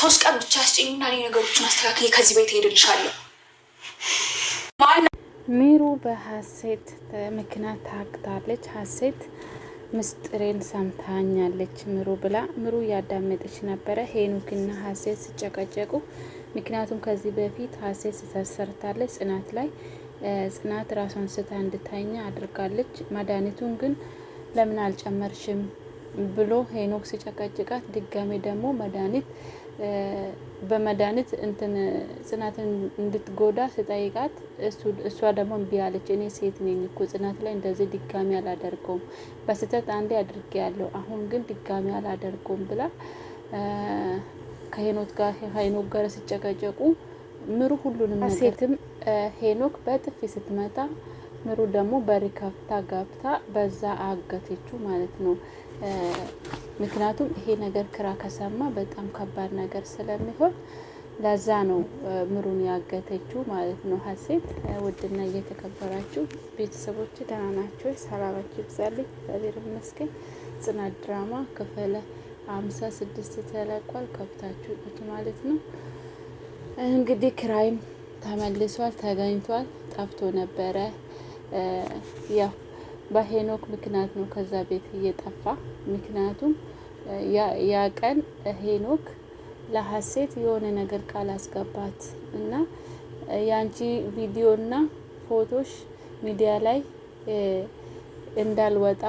ሶስት ቀን ብቻ ያስጭኝና እኔ ነገሮችን አስተካክል ከዚህ ቤት ሄድልሻለሁ። ሚሩ በሀሴት ምክንያት ታግታለች። ሀሴት ምስጢሬን ሰምታኛለች ምሩ ብላ ምሩ እያዳመጠች ነበረ። ሄኑክና ሀሴት ሲጨቀጨቁ፣ ምክንያቱም ከዚህ በፊት ሀሴት ስተሰርታለች ጽናት ላይ ጽናት ራሷን ስታ እንድታኛ አድርጋለች። መድኃኒቱን ግን ለምን አልጨመርሽም ብሎ ሄኖክ ሲጨቀጭቃት፣ ድጋሜ ደግሞ መድኃኒት በመድኃኒት እንትን ጽናትን እንድትጎዳ ስጠይቃት እሷ ደግሞ እምቢ አለች። እኔ ሴት ነኝ እኮ ጽናት ላይ እንደዚህ ድጋሚ አላደርገውም፣ በስህተት አንዴ አድርጌ ያለው አሁን ግን ድጋሚ አላደርገውም ብላ ከሄኖት ጋር ከሄኖክ ጋር ሲጨቀጨቁ ምሩ ሁሉንም ሴትም ሄኖክ በጥፊ ስትመታ ምሩ ደግሞ በሪካፍታ ጋብታ በዛ አገተችው ማለት ነው። ምክንያቱም ይሄ ነገር ክራ ከሰማ በጣም ከባድ ነገር ስለሚሆን ለዛ ነው ምሩን ያገተችው ማለት ነው። ሀሴት ውድና እየተከበራችሁ ቤተሰቦች ደህና ናቸው? ሰላማችሁ ይብዛልኝ። እግዚአብሔር ይመስገን። ጽናት ድራማ ክፍል አምሳ ስድስት ተለቋል። ከብታችሁ ቁጭ ማለት ነው እንግዲህ ክራይም ተመልሷል፣ ተገኝቷል። ጠፍቶ ነበረ ያው በሄኖክ ምክንያት ነው ከዛ ቤት እየጠፋ። ምክንያቱም ያ ቀን ሄኖክ ለሀሴት የሆነ ነገር ቃል አስገባት እና የአንቺ ቪዲዮና ፎቶሽ ሚዲያ ላይ እንዳልወጣ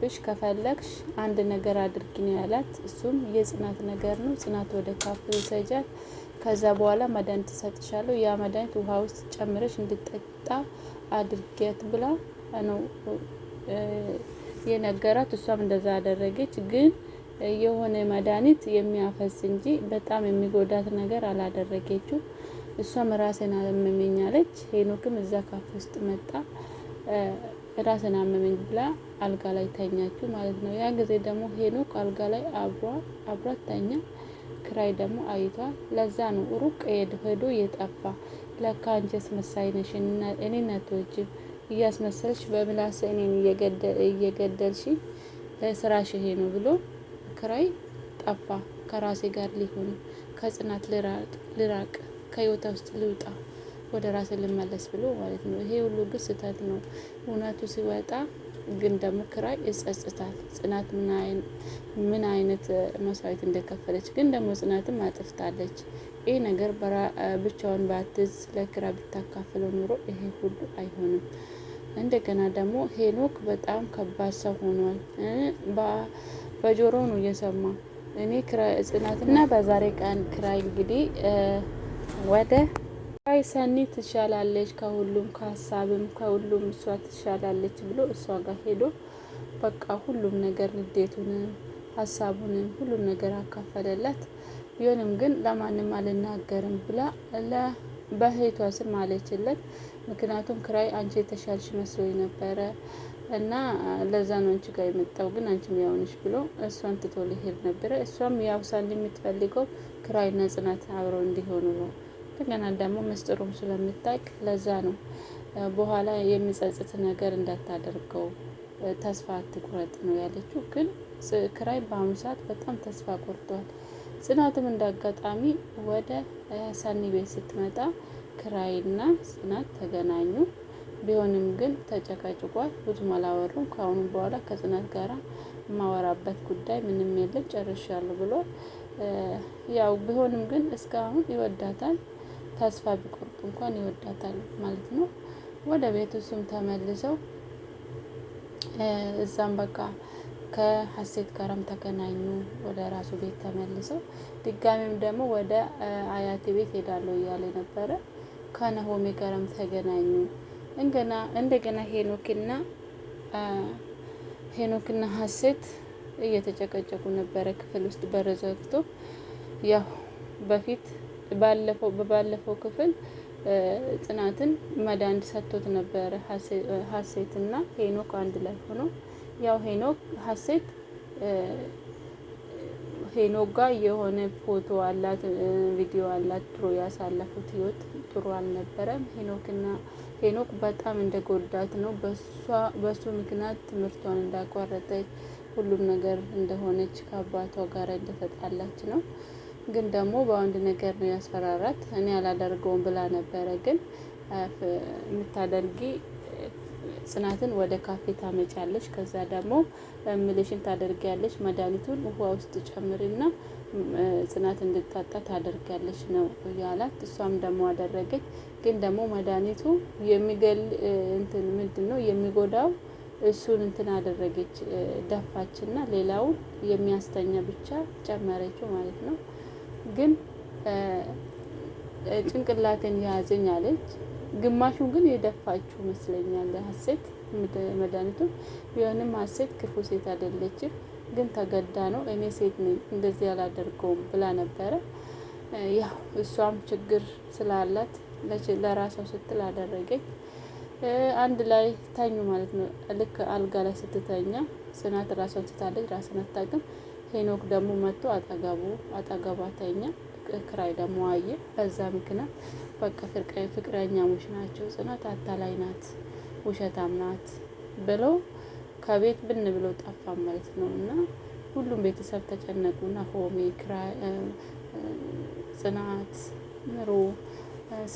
ብሽ ከፈለግሽ አንድ ነገር አድርጊ ነው ያላት። እሱም የጽናት ነገር ነው። ጽናት ወደ ካፍ ይሰጃል። ከዛ በኋላ መድኃኒት ትሰጥሻለሁ። ያ መድኃኒት ውሃ ውስጥ ጨምረሽ እንድጠጣ አድርጌት ብላ ነው የነገራት እሷም እንደዛ አደረገች። ግን የሆነ መድኃኒት የሚያፈስ እንጂ በጣም የሚጎዳት ነገር አላደረገችው። እሷም ራሴን አለች። ሄኖክም እዛ ካፍ ውስጥ መጣ። ራሴን አመመኝ ብላ አልጋ ላይ ተኛችሁ ማለት ነው። ያ ጊዜ ደግሞ ሄኖክ አልጋ ላይ አብሯት ተኛ። ክራይ ደግሞ አይቷል። ለዛ ነው ሩቅ ሄዶ የጠፋ ለካ አንቺስ ነሽ እኔ ነቶችም እያስመሰልሽ በምላስ እኔን እየገደልሽ ለስራሽ ይሄ ነው ብሎ ክራይ ጠፋ። ከራሴ ጋር ሊሆን ከጽናት ልራቅ፣ ከህይወታ ውስጥ ልውጣ፣ ወደ ራሴ ልመለስ ብሎ ማለት ነው። ይሄ ሁሉ ግን ስህተት ነው። እውነቱ ሲወጣ ግን ደግሞ ክራይ ይጸጽታል። ጽናት ምን አይነት መስዋዕት እንደከፈለች ግን ደግሞ ጽናትም አጥፍታለች። ይህ ነገር ብቻውን በአትዝ ለክራ ብታካፍለው ኑሮ ይሄ ሁሉ አይሆንም። እንደገና ደግሞ ሄኖክ በጣም ከባድ ሰው ሆኗል። በጆሮ ነው እየሰማ እኔ እና በዛሬ ቀን ክራይ እንግዲህ ወደ ኪራይ ሰኒ ትሻላለች ከሁሉም ከሀሳብም ከሁሉም እሷ ትሻላለች ብሎ እሷ ጋር ሄዶ በቃ ሁሉም ነገር ንዴቱንም ሀሳቡንም ሁሉም ነገር አካፈለላት። ቢሆንም ግን ለማንም አልናገርም ብላ በእህቷ ስም አለችለት። ምክንያቱም ክራይ አንቺ የተሻልሽ መስሎኝ ነበረ እና ለዛ ነው አንቺ ጋር የመጣው ግን አንቺም ያውንሽ ብሎ እሷን ትቶ ሊሄድ ነበረ። እሷም ያው ሳንድ የምትፈልገው ክራይና ጽናት አብረው እንዲሆኑ ነው። እንደገና ደግሞ ምስጢሩም ስለምታቅ ለዛ ነው በኋላ የሚጸጽት ነገር እንዳታደርገው ተስፋ አትቁረጥ ነው ያለችው። ግን ክራይ በአሁኑ ሰዓት በጣም ተስፋ ቆርጧል። ጽናትም እንዳጋጣሚ ወደ ሰኒ ቤት ስትመጣ ክራይና ጽናት ተገናኙ። ቢሆንም ግን ተጨቃጭቋል። ብዙም አላወሩም። ከአሁኑ በኋላ ከጽናት ጋራ የማወራበት ጉዳይ ምንም የለም ጨርሻለሁ ብሏል። ያው ቢሆንም ግን እስካሁን ይወዳታል። ተስፋ ቢቆርጡ እንኳን ይወዳታል ማለት ነው። ወደ ቤቱ እሱም ተመልሰው እዛም በቃ ከሀሴት ጋርም ተገናኙ። ወደ ራሱ ቤት ተመልሰው ድጋሚም ደግሞ ወደ አያቴ ቤት ሄዳለሁ እያለ ነበረ። ከነሆሜ ጋርም ተገናኙ። እንገና እንደገና ሄኖክና ሄኖክና ሀሴት እየተጨቀጨቁ ነበረ ክፍል ውስጥ በረዘግቶ ያው በፊት ባለፈው በባለፈው ክፍል ጽናትን መድኃኒት ሰጥቶት ነበረ። ሀሴትና ሄኖክ አንድ ላይ ሆነው ያው ሄኖክ ሀሴት ሄኖክ ጋር የሆነ ፎቶ አላት፣ ቪዲዮ አላት። ድሮ ያሳለፉት ህይወት ጥሩ አልነበረም። ሄኖክና ሄኖክ በጣም እንደጎዳት ነው። በሱ ምክንያት ትምህርቷን እንዳቋረጠች ሁሉም ነገር እንደሆነች ከአባቷ ጋር እንደተጣላች ነው። ግን ደግሞ በአንድ ነገር ነው ያስፈራራት። እኔ አላደርገውም ብላ ነበረ ግን የምታደርጊ ጽናትን ወደ ካፌ ታመጫለች ከዛ ደግሞ ምልሽን ታደርጊያለች። መድኃኒቱን ውሃ ውስጥ ጨምሪና ጽናት እንድታጣ ታደርጊያለሽ ነው ያላት። እሷም ደግሞ አደረገች። ግን ደግሞ መድኃኒቱ የሚገል እንትን ምንድን ነው የሚጎዳው እሱን እንትን አደረገች ደፋች እና ሌላውን የሚያስተኛ ብቻ ጨመረችው ማለት ነው። ግን ጭንቅላትን ያዘኝ አለች። ግማሹን ግን የደፋችሁ መስለኛል ሀሴት መድኃኒቱን። ቢሆንም ሀሴት ክፉ ሴት አይደለችም፣ ግን ተገዳ ነው። እኔ ሴት ነኝ እንደዚህ አላደርገውም ብላ ነበረ። ያው እሷም ችግር ስላላት ለራሷ ስትል አደረገች። አንድ ላይ ተኙ ማለት ነው። ልክ አልጋ ላይ ስትተኛ ጽናት ራሷን ስታለች፣ ራስን አታውቅም። ሄኖክ ደግሞ መጥቶ አጠገቡ አጠገቧ ተኛ። ክራይ ደግሞ አየ። በዛ ምክንያት በቃ ፍቅረኛሞች ናቸው፣ ጽናት አታላይ ናት፣ ውሸታም ናት ብለው ከቤት ብን ብለው ጠፋ ማለት ነው። እና ሁሉም ቤተሰብ ተጨነቁ። ናሆሜ፣ ጽናት፣ ምሮ፣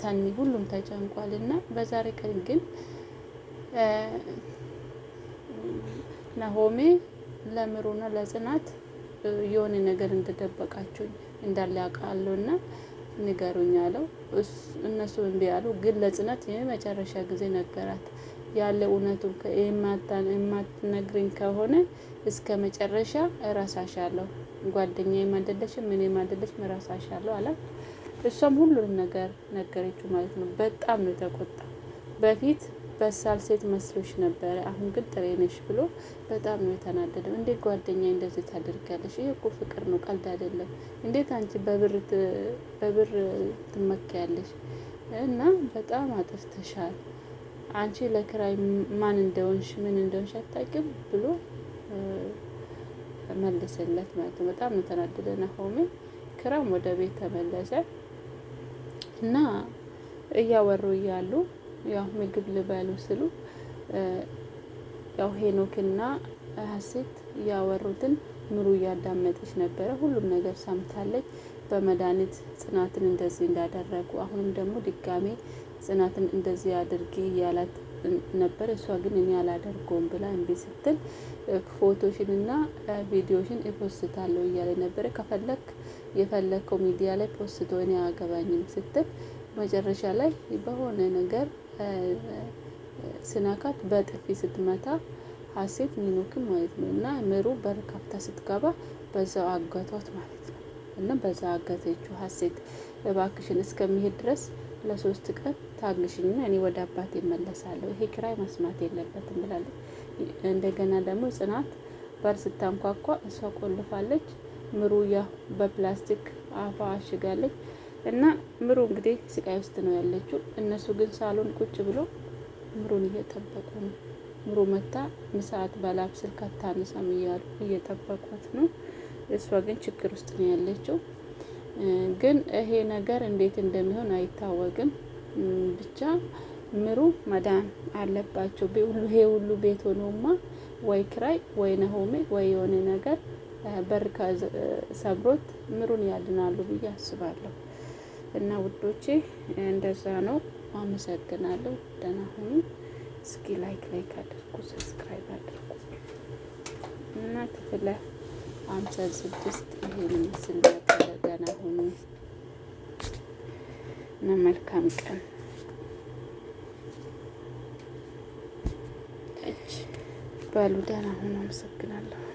ሰኒ ሁሉም ተጨንቋል። እና በዛሬ ቀን ግን ናሆሜ ለምሮና ለጽናት የሆነ ነገር እንደደበቃቸው እንዳለ ያውቃለሁ እና ንገሩኝ አለው። እነሱ እምቢ አሉ። ግን ለጽናት የመጨረሻ ጊዜ ነገራት። ያለ እውነቱ የማትነግርኝ ከሆነ እስከ መጨረሻ እረሳሻለሁ፣ ጓደኛ የማደለሽ ምን የማደለሽ እረሳሻለሁ አላት። እሷም ሁሉንም ነገር ነገረችው ማለት ነው። በጣም ነው የተቆጣ በፊት በሳል ሴት መስሎች ነበረ፣ አሁን ግን ጥሬ ነሽ ብሎ በጣም ነው የተናደደው። እንዴት ጓደኛ እንደዚህ ታደርጋለሽ? ይህ እኮ ፍቅር ነው፣ ቀልድ አይደለም። እንዴት አንቺ በብር ትመካያለሽ? እና በጣም አጥፍተሻል። አንቺ ለክራይ ማን እንደሆንሽ ምን እንደሆንሽ አታውቂም ብሎ መለሰለት ማለት ነው። በጣም የተናደደ ናሆሜ ክራም ወደ ቤት ተመለሰ እና እያወሩ እያሉ ያው ምግብ ልበሉ ስሉ ያው ሄኖክና ሀሴት ያወሩትን ምሩ እያዳመጠች ነበረ። ሁሉም ነገር ሰምታለች። በመድኃኒት ጽናትን እንደዚህ እንዳደረጉ አሁንም ደግሞ ድጋሜ ጽናትን እንደዚህ አድርጌ እያላት ነበር። እሷ ግን እኔ አላደርገውም ብላ እምቢ ስትል ፎቶሽን እና ቪዲዮሽን እፖስታለሁ እያለ ነበረ። ከፈለክ የፈለግከው ሚዲያ ላይ ፖስቶ እኔ አገባኝም ስትል መጨረሻ ላይ በሆነ ነገር ስነካት በጥፊ ስትመታ ሀሴት ሚኖክን ማለት ነው። እና ምሩ በር ከፍታ ስትገባ በዛው አገቷት ማለት ነው። እና በዛ አገተችው ሀሴት እባክሽን እስከሚሄድ ድረስ ለሶስት ቀን ታግሽኝና እኔ ወደ አባቴ እመለሳለሁ፣ ይሄ ክራይ መስማት የለበትም ብላለች። እንደገና ደግሞ ጽናት በር ስታንኳኳ እሷ ቆልፋለች። ምሩያ በፕላስቲክ አፋ አሽጋለች። እና ምሩ እንግዲህ ስቃይ ውስጥ ነው ያለችው። እነሱ ግን ሳሎን ቁጭ ብሎ ምሩን እየጠበቁ ነው። ምሩ መታ ምሳት ባላብ ስልክ አታነሳም እያሉ እየጠበቋት ነው። እሷ ግን ችግር ውስጥ ነው ያለችው። ግን ይሄ ነገር እንዴት እንደሚሆን አይታወቅም። ብቻ ምሩ መዳን አለባቸው። ይሄ ሁሉ ቤት ሆኖማ ወይ ክራይ ወይ ነሆሜ ወይ የሆነ ነገር በር ሰብሮት ምሩን ያድናሉ ብዬ አስባለሁ። እና ውዶቼ እንደዛ ነው። አመሰግናለሁ። ደህና ሁኑ። እስኪ ላይክ ላይክ አድርጉ፣ ሰብስክራይብ አድርጉ እና ክፍለ አምሳ ስድስት ይህን ምስል ነበረ። ደህና ሁኑ እና መልካም ቀን በሉ። ደህና ሁኑ። አመሰግናለሁ።